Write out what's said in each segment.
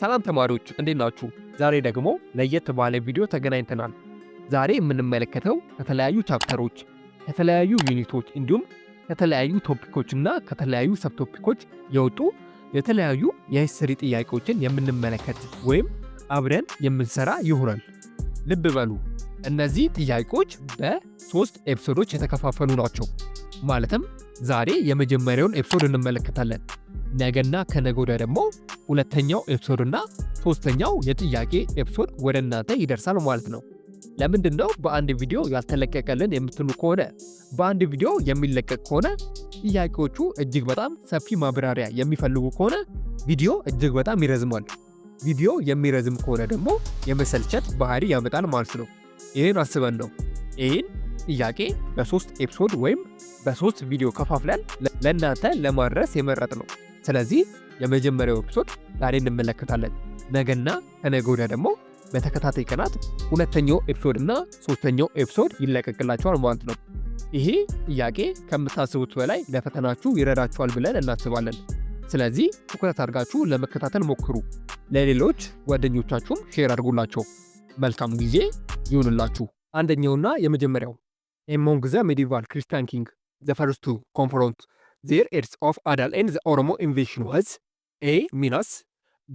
ሰላም ተማሪዎች እንዴት ናችሁ? ዛሬ ደግሞ ለየት ባለ ቪዲዮ ተገናኝተናል። ዛሬ የምንመለከተው ከተለያዩ ቻፕተሮች፣ ከተለያዩ ዩኒቶች እንዲሁም ከተለያዩ ቶፒኮች እና ከተለያዩ ሰብቶፒኮች የወጡ የተለያዩ የሂስትሪ ጥያቄዎችን የምንመለከት ወይም አብረን የምንሰራ ይሆናል። ልብ በሉ እነዚህ ጥያቄዎች በሶስት ኤፒሶዶች የተከፋፈሉ ናቸው። ማለትም ዛሬ የመጀመሪያውን ኤፒሶድ እንመለከታለን። ነገና ከነገ ወዲያ ደግሞ ሁለተኛው ኤፒሶድና ሶስተኛው የጥያቄ ኤፕሶድ ወደ እናንተ ይደርሳል ማለት ነው። ለምንድን ነው በአንድ ቪዲዮ ያልተለቀቀልን የምትሉ ከሆነ በአንድ ቪዲዮ የሚለቀቅ ከሆነ ጥያቄዎቹ እጅግ በጣም ሰፊ ማብራሪያ የሚፈልጉ ከሆነ ቪዲዮ እጅግ በጣም ይረዝማል። ቪዲዮ የሚረዝም ከሆነ ደግሞ የመሰልቸት ባህሪ ያመጣል ማለት ነው። ይህን አስበን ነው ይህን ጥያቄ በሶስት ኤፕሶድ ወይም በሶስት ቪዲዮ ከፋፍለን ለእናንተ ለማድረስ የመረጥ ነው። ስለዚህ የመጀመሪያው ኤፒሶድ ዛሬ እንመለከታለን። ነገና ከነገ ወዲያ ደግሞ በተከታታይ ቀናት ሁለተኛው ኤፒሶድ እና ሶስተኛው ኤፒሶድ ይለቀቅላቸዋል ማለት ነው። ይሄ ጥያቄ ከምታስቡት በላይ ለፈተናችሁ ይረዳችኋል ብለን እናስባለን። ስለዚህ ትኩረት አድርጋችሁ ለመከታተል ሞክሩ። ለሌሎች ጓደኞቻችሁም ሼር አድርጉላቸው። መልካም ጊዜ ይሁንላችሁ። አንደኛውና የመጀመሪያው ኤሞንግ ዘ ሜዲቫል ክሪስቲያን ኪንግ ዘ ፈርስቱ their aids of Adal and the Oromo invasion was A. Minos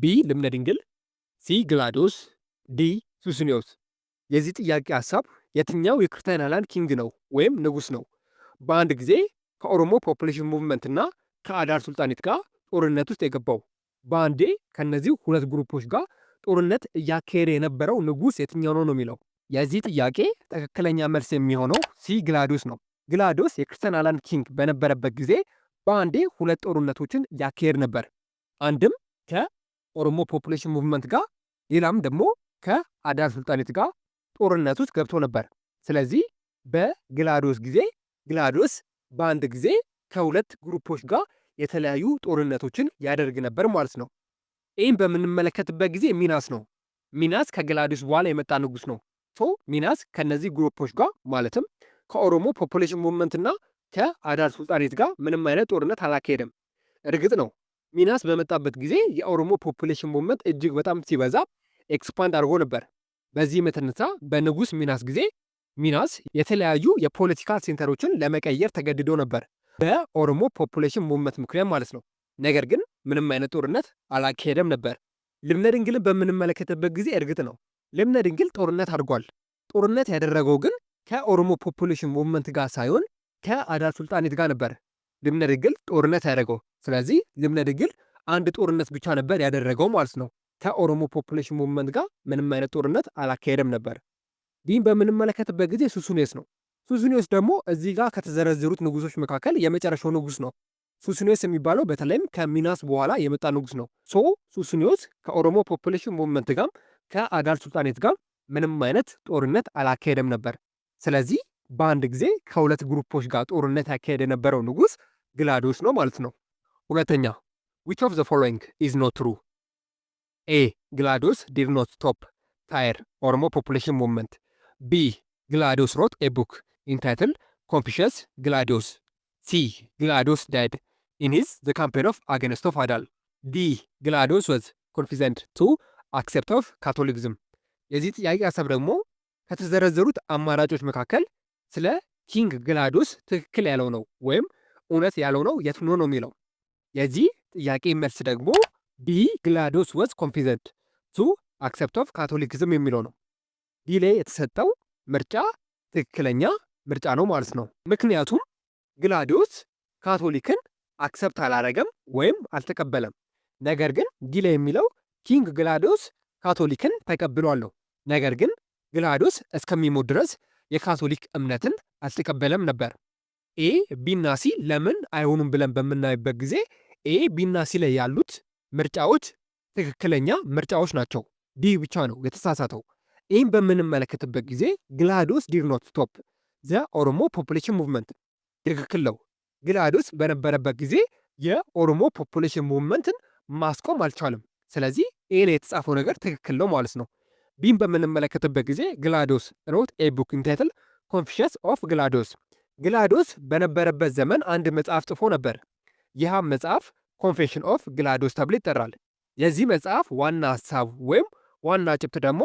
B. ልብነ ድንግል ሲ. ግላዶስ ዲ. ሱስኒዮስ የዚህ ጥያቄ ሀሳብ የትኛው የክርስቲያን ኪንግ ነው ወይም ንጉስ ነው በአንድ ጊዜ ከኦሮሞ ፖፑሌሽን ሙቭመንት እና ከአዳል ሱልጣኔት ጋር ጦርነት ውስጥ የገባው? በአንዴ ከነዚህ ሁለት ግሩፖች ጋር ጦርነት እያካሄደ የነበረው ንጉስ የትኛው ነው ነው የሚለው የዚህ ጥያቄ ትክክለኛ መልስ የሚሆነው ሲ ግላዶስ ነው። ግላዶስ የክርስቲያን አላን ኪንግ በነበረበት ጊዜ በአንዴ ሁለት ጦርነቶችን ያካሄድ ነበር። አንድም ከኦሮሞ ፖፑሌሽን ሙቭመንት ጋር፣ ሌላም ደግሞ ከአዳን ስልጣኔት ጋር ጦርነት ውስጥ ገብቶ ነበር። ስለዚህ በግላዶስ ጊዜ ግላዶስ በአንድ ጊዜ ከሁለት ግሩፖች ጋር የተለያዩ ጦርነቶችን ያደርግ ነበር ማለት ነው። ይህም በምንመለከትበት ጊዜ ሚናስ ነው። ሚናስ ከግላዶስ በኋላ የመጣ ንጉስ ነው። ሶ ሚናስ ከነዚህ ግሩፖች ጋር ማለትም ከኦሮሞ ፖፑሌሽን ሙቭመንትና ከአዳር ሱልጣኔት ጋር ምንም አይነት ጦርነት አላካሄደም። እርግጥ ነው ሚናስ በመጣበት ጊዜ የኦሮሞ ፖፑሌሽን ሙቭመንት እጅግ በጣም ሲበዛ ኤክስፓንድ አድርጎ ነበር። በዚህም የተነሳ በንጉስ ሚናስ ጊዜ ሚናስ የተለያዩ የፖለቲካ ሴንተሮችን ለመቀየር ተገድዶ ነበር፣ በኦሮሞ ፖፑሌሽን ሙቭመንት ምክንያት ማለት ነው። ነገር ግን ምንም አይነት ጦርነት አላካሄደም ነበር። ልብነ ድንግልን በምንመለከትበት ጊዜ እርግጥ ነው ልብነ ድንግል ጦርነት አድርጓል። ጦርነት ያደረገው ግን ከኦሮሞ ፖፑሌሽን ሙቭመንት ጋር ሳይሆን ከአዳር ሱልጣኔት ጋር ነበር ልብነ ድግል ጦርነት ያደረገው። ስለዚህ ልብነ ድግል አንድ ጦርነት ብቻ ነበር ያደረገው ማለት ነው። ከኦሮሞ ፖፑሌሽን ሙቭመንት ጋር ምንም አይነት ጦርነት አላካሄደም ነበር። ይህም በምንመለከትበት ጊዜ ሱሱኔስ ነው። ሱሱኔስ ደግሞ እዚህ ጋር ከተዘረዘሩት ንጉሶች መካከል የመጨረሻው ንጉስ ነው። ሱሱኔስ የሚባለው በተለይም ከሚናስ በኋላ የመጣ ንጉስ ነው። ሶ ሱሱኔዎስ ከኦሮሞ ፖፑሌሽን ሙቭመንት ጋር ከአዳር ሱልጣኔት ጋር ምንም አይነት ጦርነት አላካሄደም ነበር። ስለዚህ በአንድ ጊዜ ከሁለት ግሩፖች ጋር ጦርነት ያካሄድ የነበረው ንጉሥ ግላዶስ ነው ማለት ነው። ሁለተኛ ዊች ኦፍ ዘ ፎሎዊንግ ኢዝ ኖት ትሩ ኤ ግላዶስ ዲድ ኖት ስቶፕ ታየር ኦሮሞ ፖፑሌሽን ሙቭመንት ቢ ግላዶስ ሮት ኤ ቡክ ኢንታይትል ኮንፊሽስ ግላዲዮስ ሲ ግላዶስ ዳይድ ኢን ዘ ካምፔን ኦፍ አገንስት ኦፍ አዳል ዲ ግላዶስ ወዝ ኮንፊዘንት ቱ አክሴፕት ኦፍ ካቶሊክዝም የዚህ ጥያቄ ሀሳብ ደግሞ ከተዘረዘሩት አማራጮች መካከል ስለ ኪንግ ግላዶስ ትክክል ያለው ነው ወይም እውነት ያለው ነው የትኖ ነው የሚለው የዚህ ጥያቄ መልስ ደግሞ ቢ ግላዶስ ወዝ ኮንፊዘንት ቱ አክሰፕት ኦፍ ካቶሊክዝም የሚለው ነው። ዲሌ የተሰጠው ምርጫ ትክክለኛ ምርጫ ነው ማለት ነው። ምክንያቱም ግላዲዮስ ካቶሊክን አክሰፕት አላረገም ወይም አልተቀበለም። ነገር ግን ዲሌ የሚለው ኪንግ ግላዲዮስ ካቶሊክን ተቀብሏለሁ፣ ነገር ግን ግላዲዮስ እስከሚሞት ድረስ የካቶሊክ እምነትን አልተቀበለም ነበር። ኤ ቢና ሲ ለምን አይሆኑም ብለን በምናይበት ጊዜ ኤ ቢና ሲ ላይ ያሉት ምርጫዎች ትክክለኛ ምርጫዎች ናቸው። ዲ ብቻ ነው የተሳሳተው። ይህም በምንመለከትበት ጊዜ ግላዲዮስ ዲድ ኖት ስቶፕ ዘ ኦሮሞ ፖፑሌሽን ሙቭመንት ትክክል ነው። ግላዲዮስ በነበረበት ጊዜ የኦሮሞ ፖፑሌሽን ሙቭመንትን ማስቆም አልቻለም። ስለዚህ ኤ ላይ የተጻፈው ነገር ትክክል ነው ማለት ነው። ቢም በምንመለከትበት ጊዜ ግላዶስ ሮት ኤ ቡክን ታይትል ኮንፊሽንስ ኦፍ ግላዶስ። ግላዶስ በነበረበት ዘመን አንድ መጽሐፍ ጽፎ ነበር። ይህም መጽሐፍ ኮንፌሽን ኦፍ ግላዶስ ተብሎ ይጠራል። የዚህ መጽሐፍ ዋና ሀሳብ ወይም ዋና ጭብጥ ደግሞ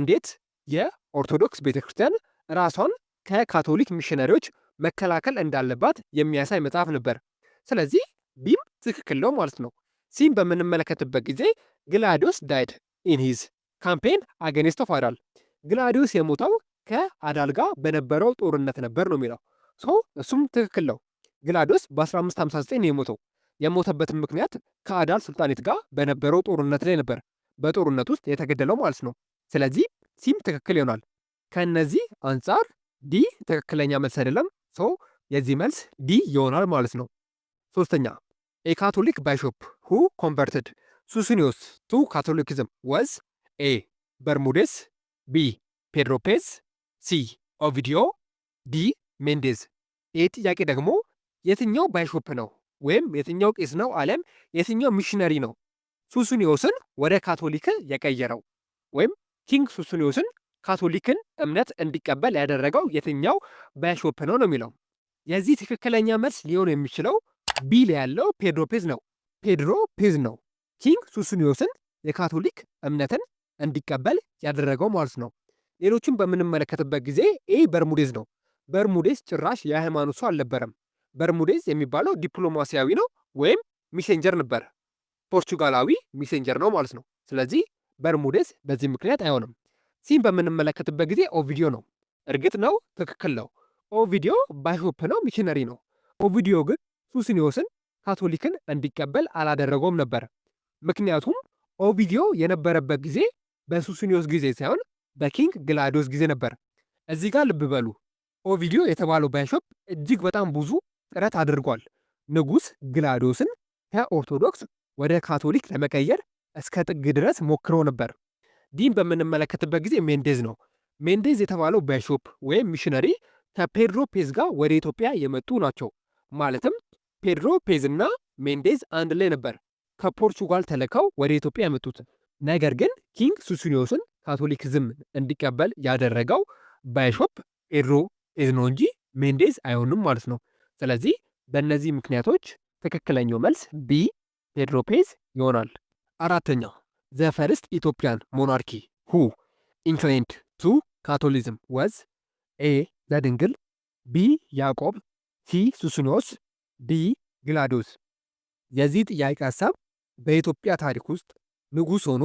እንዴት የኦርቶዶክስ ቤተ ክርስቲያን ራሷን ከካቶሊክ ሚሽነሪዎች መከላከል እንዳለባት የሚያሳይ መጽሐፍ ነበር። ስለዚህ ቢም ትክክል ነው ማለት ነው። ሲም በምንመለከትበት ጊዜ ግላዶስ ዳይድ ኢን ሂዝ ካምፔን አገኒስት ኦፍ አዳል ግላዲዮስ የሞተው ከአዳል ጋር በነበረው ጦርነት ነበር ነው የሚለው ሰው እሱም ትክክል ነው። ግላዲዮስ በ1559 የሞተው የሞተበትም ምክንያት ከአዳል ሱልጣኔት ጋር በነበረው ጦርነት ላይ ነበር። በጦርነት ውስጥ የተገደለው ማለት ነው። ስለዚህ ሲም ትክክል ይሆናል። ከእነዚህ አንጻር ዲ ትክክለኛ መልስ አይደለም። ሰው የዚህ መልስ ዲ ይሆናል ማለት ነው። ሶስተኛ ኤ ባይሾፕ ሁ ኮንቨርትድ ሱስኒዮስ ቱ ካቶሊኪዝም ወዝ ኤ በርሙዴስ፣ ቢ ፔድሮፔዝ ሲ ኦቪዲዮ፣ ዲ ሜንዴዝ። ይህ ጥያቄ ደግሞ የትኛው ባይሾፕ ነው ወይም የትኛው ቄስ ነው አለም የትኛው ሚሽነሪ ነው ሱሱኒዮስን ወደ ካቶሊክ የቀየረው ወይም ኪንግ ሱሱኒዮስን ካቶሊክን እምነት እንዲቀበል ያደረገው የትኛው ባይሾፕ ነው ነው የሚለው የዚህ ትክክለኛ መልስ ሊሆን የሚችለው ቢ ላይ ያለው ፔድሮ ፔዝ ነው። ፔድሮ ፔዝ ነው ኪንግ ሱሱኒዮስን የካቶሊክ እምነትን እንዲቀበል ያደረገው ማለት ነው። ሌሎችን በምንመለከትበት ጊዜ ኤ በርሙዴዝ ነው። በርሙዴዝ ጭራሽ የሃይማኖት ሰው አልነበረም። በርሙዴዝ የሚባለው ዲፕሎማሲያዊ ነው ወይም ሚሴንጀር ነበር። ፖርቹጋላዊ ሚሴንጀር ነው ማለት ነው። ስለዚህ በርሙዴዝ በዚህ ምክንያት አይሆንም። ሲም በምንመለከትበት ጊዜ ኦቪዲዮ ነው። እርግጥ ነው ትክክል ነው። ኦቪዲዮ ባይሾፕ ነው፣ ሚሽነሪ ነው። ኦቪዲዮ ግን ሱስኒዮስን ካቶሊክን እንዲቀበል አላደረገውም ነበር። ምክንያቱም ኦቪዲዮ የነበረበት ጊዜ በሱስኒዮስ ጊዜ ሳይሆን በኪንግ ግላዲዮስ ጊዜ ነበር። እዚህ ጋር ልብ በሉ። ኦቪዲዮ የተባለው ባይሾፕ እጅግ በጣም ብዙ ጥረት አድርጓል። ንጉሥ ግላዲዮስን ከኦርቶዶክስ ወደ ካቶሊክ ለመቀየር እስከ ጥግ ድረስ ሞክሮ ነበር። ዲን በምንመለከትበት ጊዜ ሜንዴዝ ነው። ሜንዴዝ የተባለው ባይሾፕ ወይም ሚሽነሪ ከፔድሮ ፔዝ ጋር ወደ ኢትዮጵያ የመጡ ናቸው። ማለትም ፔድሮ ፔዝ እና ሜንዴዝ አንድ ላይ ነበር ከፖርቹጋል ተልከው ወደ ኢትዮጵያ የመጡት። ነገር ግን ኪንግ ሱስኒዮስን ካቶሊክዝም እንዲቀበል ያደረገው ባይሾፕ ፔድሮ ፔዝ ነው እንጂ ሜንዴዝ አይሆንም ማለት ነው። ስለዚህ በእነዚህ ምክንያቶች ትክክለኛው መልስ ቢ ፔድሮ ፔዝ ይሆናል። አራተኛ ዘ ፈርስት ኢትዮጵያን ሞናርኪ ሁ ኢንክሌንድ ቱ ካቶሊዝም ወዝ ኤ ዘድንግል፣ ቢ ያዕቆብ፣ ሲ ሱስኒዮስ፣ ዲ ግላዶስ። የዚህ ጥያቄ ሀሳብ በኢትዮጵያ ታሪክ ውስጥ ንጉሥ ሆኖ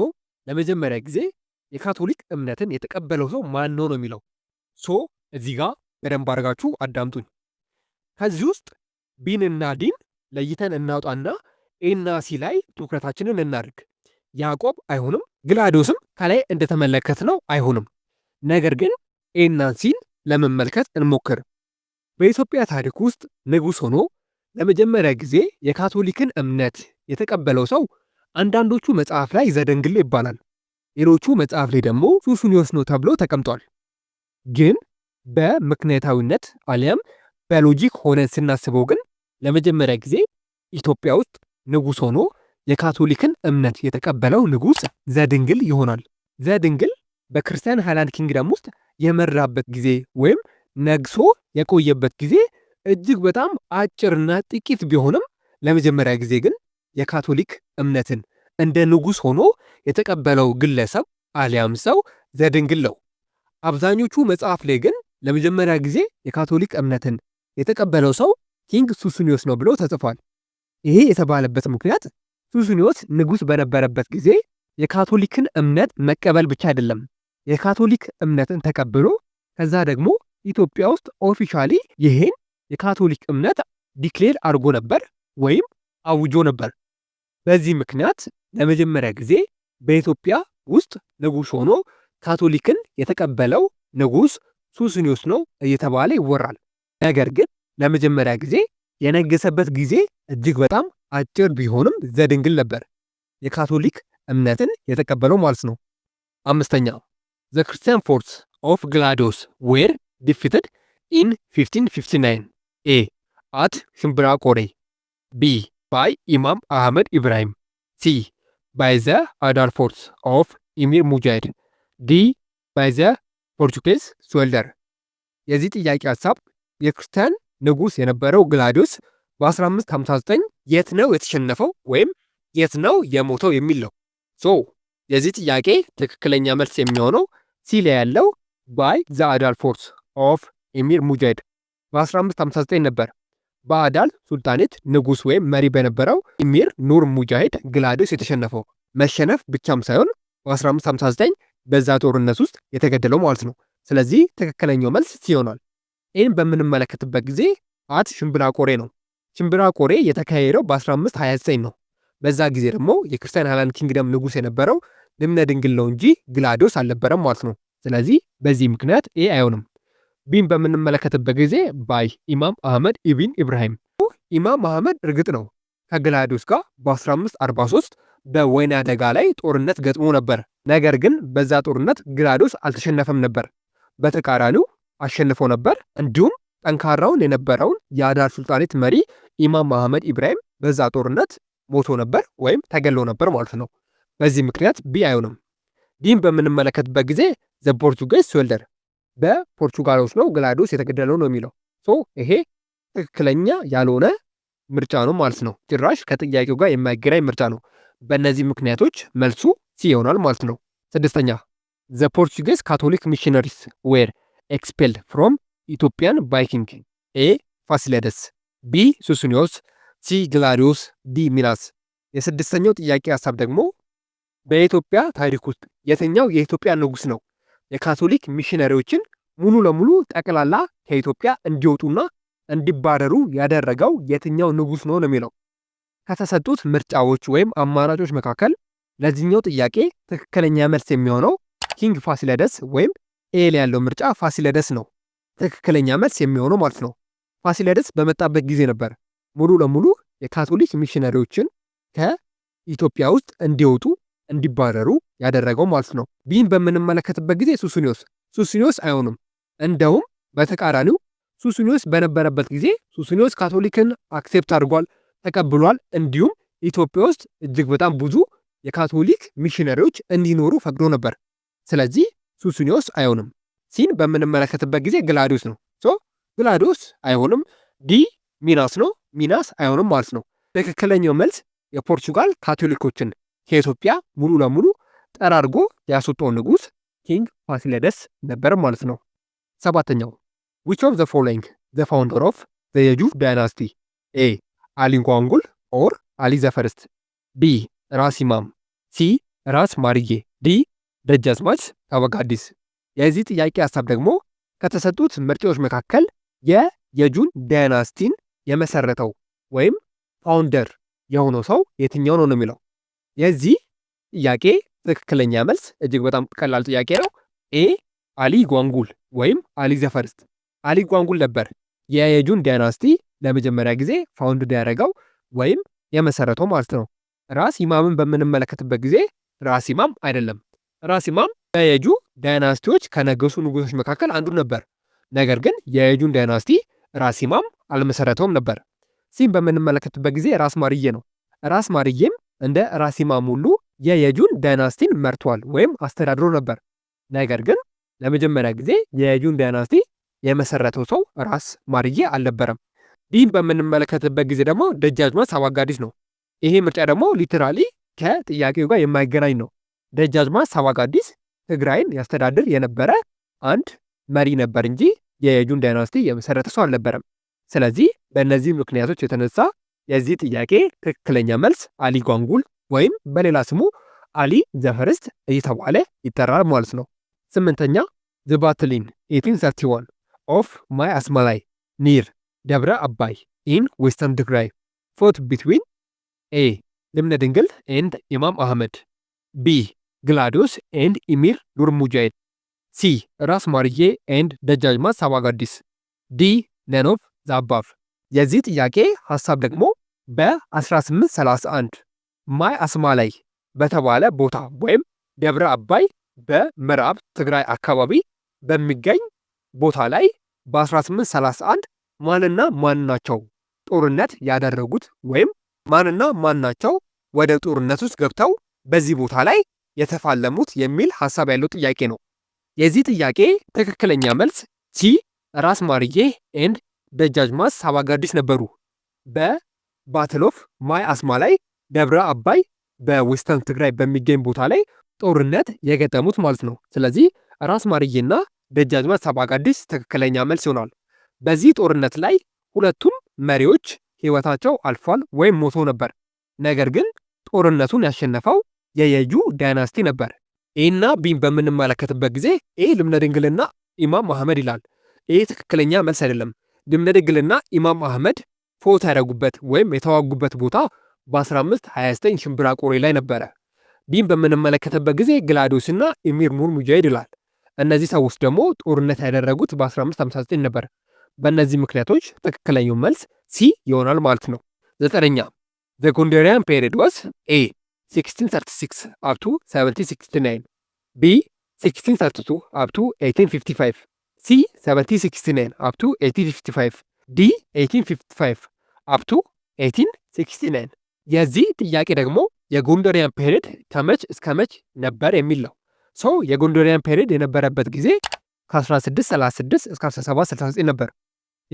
ለመጀመሪያ ጊዜ የካቶሊክ እምነትን የተቀበለው ሰው ማን ነው ነው የሚለው ሶ እዚህ ጋር በደንብ አድርጋችሁ አዳምጡኝ። ከዚህ ውስጥ ቢንና ዲን ለይተን እናውጣና ኤና ሲ ላይ ትኩረታችንን እናድርግ። ያዕቆብ አይሆንም፣ ግላዲዮስም ከላይ እንደተመለከት ነው አይሆንም። ነገር ግን ኤና ሲን ለመመልከት እንሞክር። በኢትዮጵያ ታሪክ ውስጥ ንጉሥ ሆኖ ለመጀመሪያ ጊዜ የካቶሊክን እምነት የተቀበለው ሰው አንዳንዶቹ መጽሐፍ ላይ ዘደንግል ይባላል፣ ሌሎቹ መጽሐፍ ላይ ደግሞ ሱሱኒዮስ ነው ተብሎ ተቀምጧል። ግን በምክንያታዊነት አሊያም በሎጂክ ሆነን ስናስበው ግን ለመጀመሪያ ጊዜ ኢትዮጵያ ውስጥ ንጉሥ ሆኖ የካቶሊክን እምነት የተቀበለው ንጉሥ ዘድንግል ይሆናል። ዘድንግል በክርስቲያን ሃይላንድ ኪንግደም ውስጥ የመራበት ጊዜ ወይም ነግሶ የቆየበት ጊዜ እጅግ በጣም አጭርና ጥቂት ቢሆንም ለመጀመሪያ ጊዜ ግን የካቶሊክ እምነትን እንደ ንጉሥ ሆኖ የተቀበለው ግለሰብ አሊያም ሰው ዘድንግል ነው። አብዛኞቹ መጽሐፍ ላይ ግን ለመጀመሪያ ጊዜ የካቶሊክ እምነትን የተቀበለው ሰው ኪንግ ሱስኒዮስ ነው ብሎ ተጽፏል። ይሄ የተባለበት ምክንያት ሱስኒዮስ ንጉሥ በነበረበት ጊዜ የካቶሊክን እምነት መቀበል ብቻ አይደለም፣ የካቶሊክ እምነትን ተቀብሎ ከዛ ደግሞ ኢትዮጵያ ውስጥ ኦፊሻሊ ይህን የካቶሊክ እምነት ዲክሌር አድርጎ ነበር ወይም አውጆ ነበር። በዚህ ምክንያት ለመጀመሪያ ጊዜ በኢትዮጵያ ውስጥ ንጉሥ ሆኖ ካቶሊክን የተቀበለው ንጉሥ ሱስኒዮስ ነው እየተባለ ይወራል። ነገር ግን ለመጀመሪያ ጊዜ የነገሰበት ጊዜ እጅግ በጣም አጭር ቢሆንም ዘድንግል ነበር የካቶሊክ እምነትን የተቀበለው ማለት ነው። አምስተኛ ዘ ክርስቲያን ፎርስ ኦፍ ግላዶስ ዌር ዲፊትድ ኢን 1559 ኤ አት ሽምብራ ቆሬ ቢ ባይ ኢማም አህመድ ኢብራሂም ሲ By the Adalfords ኦፍ ኢሚር Mujahid. ዲ By the የዚህ ጥያቄ ሀሳብ የክርስቲያን ንጉሥ የነበረው ግላዲዮስ በ1559 የት ነው የተሸነፈው ወይም የት ነው የሞተው የሚል ነው። ሶ የዚህ ጥያቄ ትክክለኛ መልስ የሚሆነው ሲለ ያለው ባይ ዘ ኦፍ ኢሚር ሙጃሂድ በ1559 ነበር። በአዳል ሱልጣኔት ንጉስ ወይም መሪ በነበረው ኢሚር ኑር ሙጃሂድ ግላዲዮስ የተሸነፈው። መሸነፍ ብቻም ሳይሆን በ1559 በዛ ጦርነት ውስጥ የተገደለው ማለት ነው። ስለዚህ ትክክለኛው መልስ ሲሆናል። ይህን በምንመለከትበት ጊዜ አት ሽምብራ ቆሬ ነው። ሽምብራ ቆሬ የተካሄደው በ1529 ነው። በዛ ጊዜ ደግሞ የክርስቲያን ሃይላንድ ኪንግደም ንጉስ የነበረው ልብነ ድንግል ነው እንጂ ግላዲስ አልነበረም ማለት ነው። ስለዚህ በዚህ ምክንያት ይህ አይሆንም። ቢን በምንመለከትበት ጊዜ ባይ ኢማም አህመድ ኢብን ኢብራሂም ኢማም አህመድ እርግጥ ነው ከግላዲዮስ ጋር በ1543 በወይና ደጋ ላይ ጦርነት ገጥሞ ነበር። ነገር ግን በዛ ጦርነት ግላዲዮስ አልተሸነፈም ነበር። በተቃራኒው አሸንፈው ነበር። እንዲሁም ጠንካራውን የነበረውን የአዳር ሱልጣኔት መሪ ኢማም አህመድ ኢብራሂም በዛ ጦርነት ሞቶ ነበር ወይም ተገሎ ነበር ማለት ነው። በዚህ ምክንያት ቢ አይሆንም። ዲን በምንመለከትበት ጊዜ ዘ ፖርቱጌዝ ሶልደር በፖርቹጋሎች ነው ግላዲዮስ የተገደለው ነው የሚለው። ይሄ ትክክለኛ ያልሆነ ምርጫ ነው ማለት ነው። ጭራሽ ከጥያቄው ጋር የማይገናኝ ምርጫ ነው። በእነዚህ ምክንያቶች መልሱ ሲ ይሆናል ማለት ነው። ስድስተኛ ዘ ፖርቹጌዝ ካቶሊክ ሚሽነሪስ ዌር ኤክስፔል ፍሮም ኢትዮጵያን ባይኪንግ ኤ ፋሲለደስ ቢ ሱስኒዮስ ሲ ግላዲዮስ ዲ ሚላስ። የስድስተኛው ጥያቄ ሀሳብ ደግሞ በኢትዮጵያ ታሪክ ውስጥ የትኛው የኢትዮጵያ ንጉሥ ነው የካቶሊክ ሚሽነሪዎችን ሙሉ ለሙሉ ጠቅላላ ከኢትዮጵያ እንዲወጡና እንዲባረሩ ያደረገው የትኛው ንጉስ ነው ነው የሚለው ከተሰጡት ምርጫዎች ወይም አማራጮች መካከል ለዚህኛው ጥያቄ ትክክለኛ መልስ የሚሆነው ኪንግ ፋሲለደስ ወይም ኤል ያለው ምርጫ ፋሲለደስ ነው ትክክለኛ መልስ የሚሆነው ማለት ነው። ፋሲለደስ በመጣበት ጊዜ ነበር ሙሉ ለሙሉ የካቶሊክ ሚሽነሪዎችን ከኢትዮጵያ ውስጥ እንዲወጡ እንዲባረሩ ያደረገው ማለት ነው። ቢን በምንመለከትበት ጊዜ ሱስኒዮስ ሱስኒዮስ አይሆንም። እንደውም በተቃራኒው ሱስኒዮስ በነበረበት ጊዜ ሱስኒዮስ ካቶሊክን አክሴፕት አድርጓል፣ ተቀብሏል። እንዲሁም ኢትዮጵያ ውስጥ እጅግ በጣም ብዙ የካቶሊክ ሚሽነሪዎች እንዲኖሩ ፈቅዶ ነበር። ስለዚህ ሱስኒዮስ አይሆንም። ሲን በምንመለከትበት ጊዜ ግላዲዮስ ነው። ግላዲዮስ አይሆንም። ዲ ሚናስ ነው። ሚናስ አይሆንም ማለት ነው። ትክክለኛው መልስ የፖርቹጋል ካቶሊኮችን ከኢትዮጵያ ሙሉ ለሙሉ ጠራርጎ ያስወጣው ንጉስ ኪንግ ፋሲለደስ ነበር ማለት ነው። ሰባተኛው ዊች ኦፍ ዘ ፎሎዊንግ ዘ ፋውንደር ኦፍ ዘ የጁ ዳይናስቲ ኤ አሊንጓንጉል ኦር አሊ ዘፈርስት ቢ ራስ ኢማም ሲ ራስ ማርዬ ዲ ደጃዝማች ተወጋዲስ የዚህ ጥያቄ ሀሳብ ደግሞ ከተሰጡት ምርጫዎች መካከል የየጁን ዳይናስቲን የመሰረተው ወይም ፋውንደር የሆነው ሰው የትኛው ነው ነው የሚለው የዚህ ጥያቄ ትክክለኛ መልስ እጅግ በጣም ቀላል ጥያቄ ነው። ኤ አሊ ጓንጉል ወይም አሊ ዘፈርስት አሊ ጓንጉል ነበር የየጁን ዳይናስቲ ለመጀመሪያ ጊዜ ፋውንድ ያደረገው ወይም የመሰረተው ማለት ነው። ራስ ኢማምን በምንመለከትበት ጊዜ ራስ ኢማም አይደለም። ራስ ኢማም የየጁ ዳይናስቲዎች ከነገሱ ንጉሶች መካከል አንዱ ነበር። ነገር ግን የየጁን ዳይናስቲ ራስ ኢማም አልመሰረተውም ነበር። ሲም በምንመለከትበት ጊዜ ራስ ማርዬ ነው። ራስ ማርዬም እንደ ራሲማም ሁሉ የየጁን ዳይናስቲን መርቷል ወይም አስተዳድሮ ነበር። ነገር ግን ለመጀመሪያ ጊዜ የየጁን ዳይናስቲ የመሰረተው ሰው ራስ ማርዬ አልነበረም። ይህን በምንመለከትበት ጊዜ ደግሞ ደጃዝማች ሳዋጋዲስ ነው። ይሄ ምርጫ ደግሞ ሊትራሊ ከጥያቄው ጋር የማይገናኝ ነው። ደጃዝማች ሳዋጋዲስ ትግራይን ያስተዳድር የነበረ አንድ መሪ ነበር እንጂ የየጁን ዳይናስቲ የመሰረተ ሰው አልነበረም። ስለዚህ በእነዚህ ምክንያቶች የተነሳ የዚህ ጥያቄ ትክክለኛ መልስ አሊ ጓንጉል ወይም በሌላ ስሙ አሊ ዘፈርስት እየተባለ ይጠራል ማለት ነው። ስምንተኛ ዝባትሊን 1831 ኦፍ ማይ አስማላይ ኒር ደብረ አባይ ኢን ዌስተርን ትግራይ ፎት ቢትዊን ኤ ልብነ ድንግል ኤንድ ኢማም አህመድ ቢ ግላዲዮስ ኤንድ ኢሚር ኑር ሙጃሂድ ሲ ራስ ማርዬ ኤንድ ደጃጅማ ሳባጋዲስ ዲ ነኖፍ ዛባፍ የዚህ ጥያቄ ሐሳብ ደግሞ በ1831 ማይ አስማ ላይ በተባለ ቦታ ወይም ደብረ አባይ በምዕራብ ትግራይ አካባቢ በሚገኝ ቦታ ላይ በ1831 ማንና ማን ናቸው ጦርነት ያደረጉት ወይም ማንና ማን ናቸው ወደ ጦርነት ውስጥ ገብተው በዚህ ቦታ ላይ የተፋለሙት የሚል ሐሳብ ያለው ጥያቄ ነው። የዚህ ጥያቄ ትክክለኛ መልስ ሲ ራስ ማርዬ ኤንድ ደጃዝማች ሳባጋዲስ ነበሩ። በባትል ኦፍ ማይ አስማ ላይ ደብረ አባይ በዌስተርን ትግራይ በሚገኝ ቦታ ላይ ጦርነት የገጠሙት ማለት ነው። ስለዚህ ራስ ማርዬና ደጃዝማች ሳባጋዲስ ትክክለኛ መልስ ይሆናል። በዚህ ጦርነት ላይ ሁለቱም መሪዎች ህይወታቸው አልፏል ወይም ሞቶ ነበር። ነገር ግን ጦርነቱን ያሸነፈው የየጁ ዳይናስቲ ነበር። ኤና ቢን በምንመለከትበት ጊዜ ኤ ልብነ ድንግልና ኢማም መሐመድ ይላል። ይህ ትክክለኛ መልስ አይደለም። ድምነ ድግልና ኢማም አህመድ ፎት ያደረጉበት ወይም የተዋጉበት ቦታ በ1529 ሽምብራ ቆሬ ላይ ነበረ። ዲም በምንመለከትበት ጊዜ ግላዶስና ኢሚር ኑር ሙጃሂድ ይላል። እነዚህ ሰዎች ደግሞ ጦርነት ያደረጉት በ1559 ነበር። በእነዚህ ምክንያቶች ትክክለኛው መልስ ሲ ይሆናል ማለት ነው። ዘጠነኛ ዘ ጎንደሪያን ፔሪድ ኤ 1636 አፕቱ 1769 ቢ 1632 አፕቱ 1855 C 1769 up to 1855 ዲ 1855 up to 1869 የዚህ ጥያቄ ደግሞ የጎንደሪያን ፔሪድ ከመች እስከ መች ነበር የሚል ነው። ሰው የጎንደሪያን ፔሪድ የነበረበት ጊዜ ከ1636 እስከ 1769 ነበር።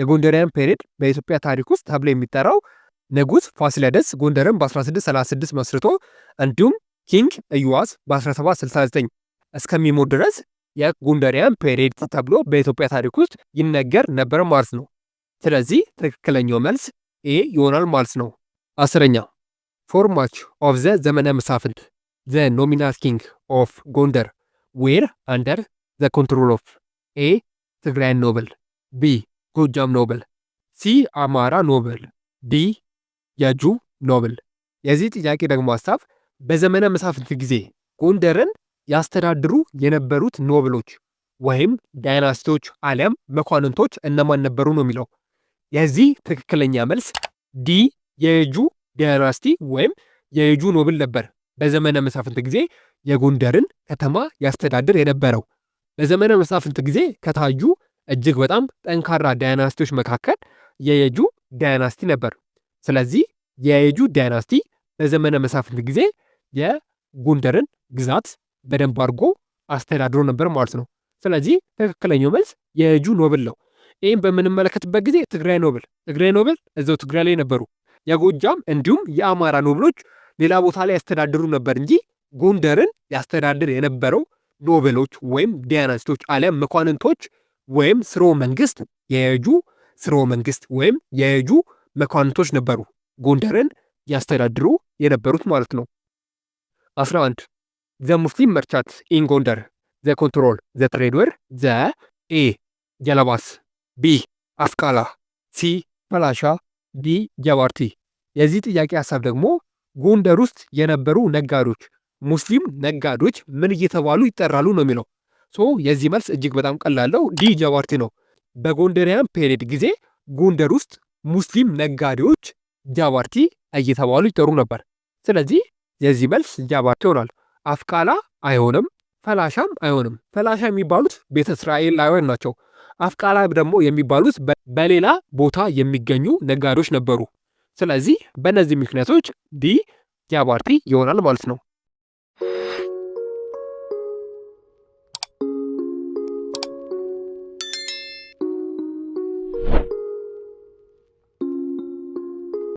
የጎንደሪያን ፔሪድ በኢትዮጵያ ታሪክ ውስጥ ተብሎ የሚጠራው ንጉሥ ፋሲለደስ ጎንደርን በ1636 መስርቶ እንዲሁም ኪንግ ኢዮዋስ በ1769 እስከሚሞት ድረስ የጎንደሪያን ፔሬድ ተብሎ በኢትዮጵያ ታሪክ ውስጥ ይነገር ነበር ማለት ነው። ስለዚህ ትክክለኛው መልስ ኤ ይሆናል ማለት ነው። አስረኛ ፎርማች ኦፍ ዘ ዘመነ መሳፍንት ዘ ኖሚናል ኪንግ ኦፍ ጎንደር ዌር አንደር ዘ ኮንትሮል ኦፍ ኤ ትግራይ ኖብል፣ ቢ ጎጃም ኖብል፣ ሲ አማራ ኖብል፣ ዲ የጁ ኖብል። የዚህ ጥያቄ ደግሞ ሀሳብ በዘመነ መሳፍንት ጊዜ ጎንደርን ያስተዳድሩ የነበሩት ኖብሎች ወይም ዳይናስቲዎች አሊያም መኳንንቶች እነማን ነበሩ ነው የሚለው። የዚህ ትክክለኛ መልስ ዲ የየጁ ዳይናስቲ ወይም የየጁ ኖብል ነበር። በዘመነ መሳፍንት ጊዜ የጎንደርን ከተማ ያስተዳድር የነበረው። በዘመነ መሳፍንት ጊዜ ከታዩ እጅግ በጣም ጠንካራ ዳይናስቲዎች መካከል የየጁ ዳይናስቲ ነበር። ስለዚህ የየጁ ዳይናስቲ በዘመነ መሳፍንት ጊዜ የጎንደርን ግዛት በደንብ አድርጎ አስተዳድሮ ነበር ማለት ነው። ስለዚህ ትክክለኛው መልስ የጁ ኖብል ነው። ይህም በምንመለከትበት ጊዜ ትግራይ ኖብል ትግራይ ኖብል እዚው ትግራይ ላይ ነበሩ። የጎጃም እንዲሁም የአማራ ኖብሎች ሌላ ቦታ ላይ ያስተዳድሩ ነበር እንጂ ጎንደርን ያስተዳድር የነበረው ኖብሎች ወይም ዲያናስቶች አሊያም መኳንንቶች ወይም ስሮ መንግስት የጁ ስሮ መንግስት ወይም የጁ መኳንንቶች ነበሩ ጎንደርን ያስተዳድሩ የነበሩት ማለት ነው። 11 ዘ ሙስሊም መርቻት ኢን ጎንደር ዘ ኮንትሮል ዘ ትሬድዌር ዘ ኤ ጀለባስ ቢ አስቃላ ሲ ፈላሻ ዲ ጀባርቲ። የዚህ ጥያቄ ሀሳብ ደግሞ ጎንደር ውስጥ የነበሩ ነጋዴዎች ሙስሊም ነጋዴዎች ምን እየተባሉ ይጠራሉ ነው የሚለው። ሶ የዚህ መልስ እጅግ በጣም ቀላለው ዲ ጀባርቲ ነው። በጎንደሪያን ፔሬድ ጊዜ ጎንደር ውስጥ ሙስሊም ነጋዴዎች ጃባርቲ እየተባሉ ይጠሩ ነበር። ስለዚህ የዚህ መልስ ጃባርቲ ይሆናል። አፍቃላ አይሆንም፣ ፈላሻም አይሆንም። ፈላሻ የሚባሉት ቤተ እስራኤላውያን ናቸው። አፍቃላ ደግሞ የሚባሉት በሌላ ቦታ የሚገኙ ነጋዴዎች ነበሩ። ስለዚህ በእነዚህ ምክንያቶች ዲ ጃባርቲ ይሆናል ማለት ነው።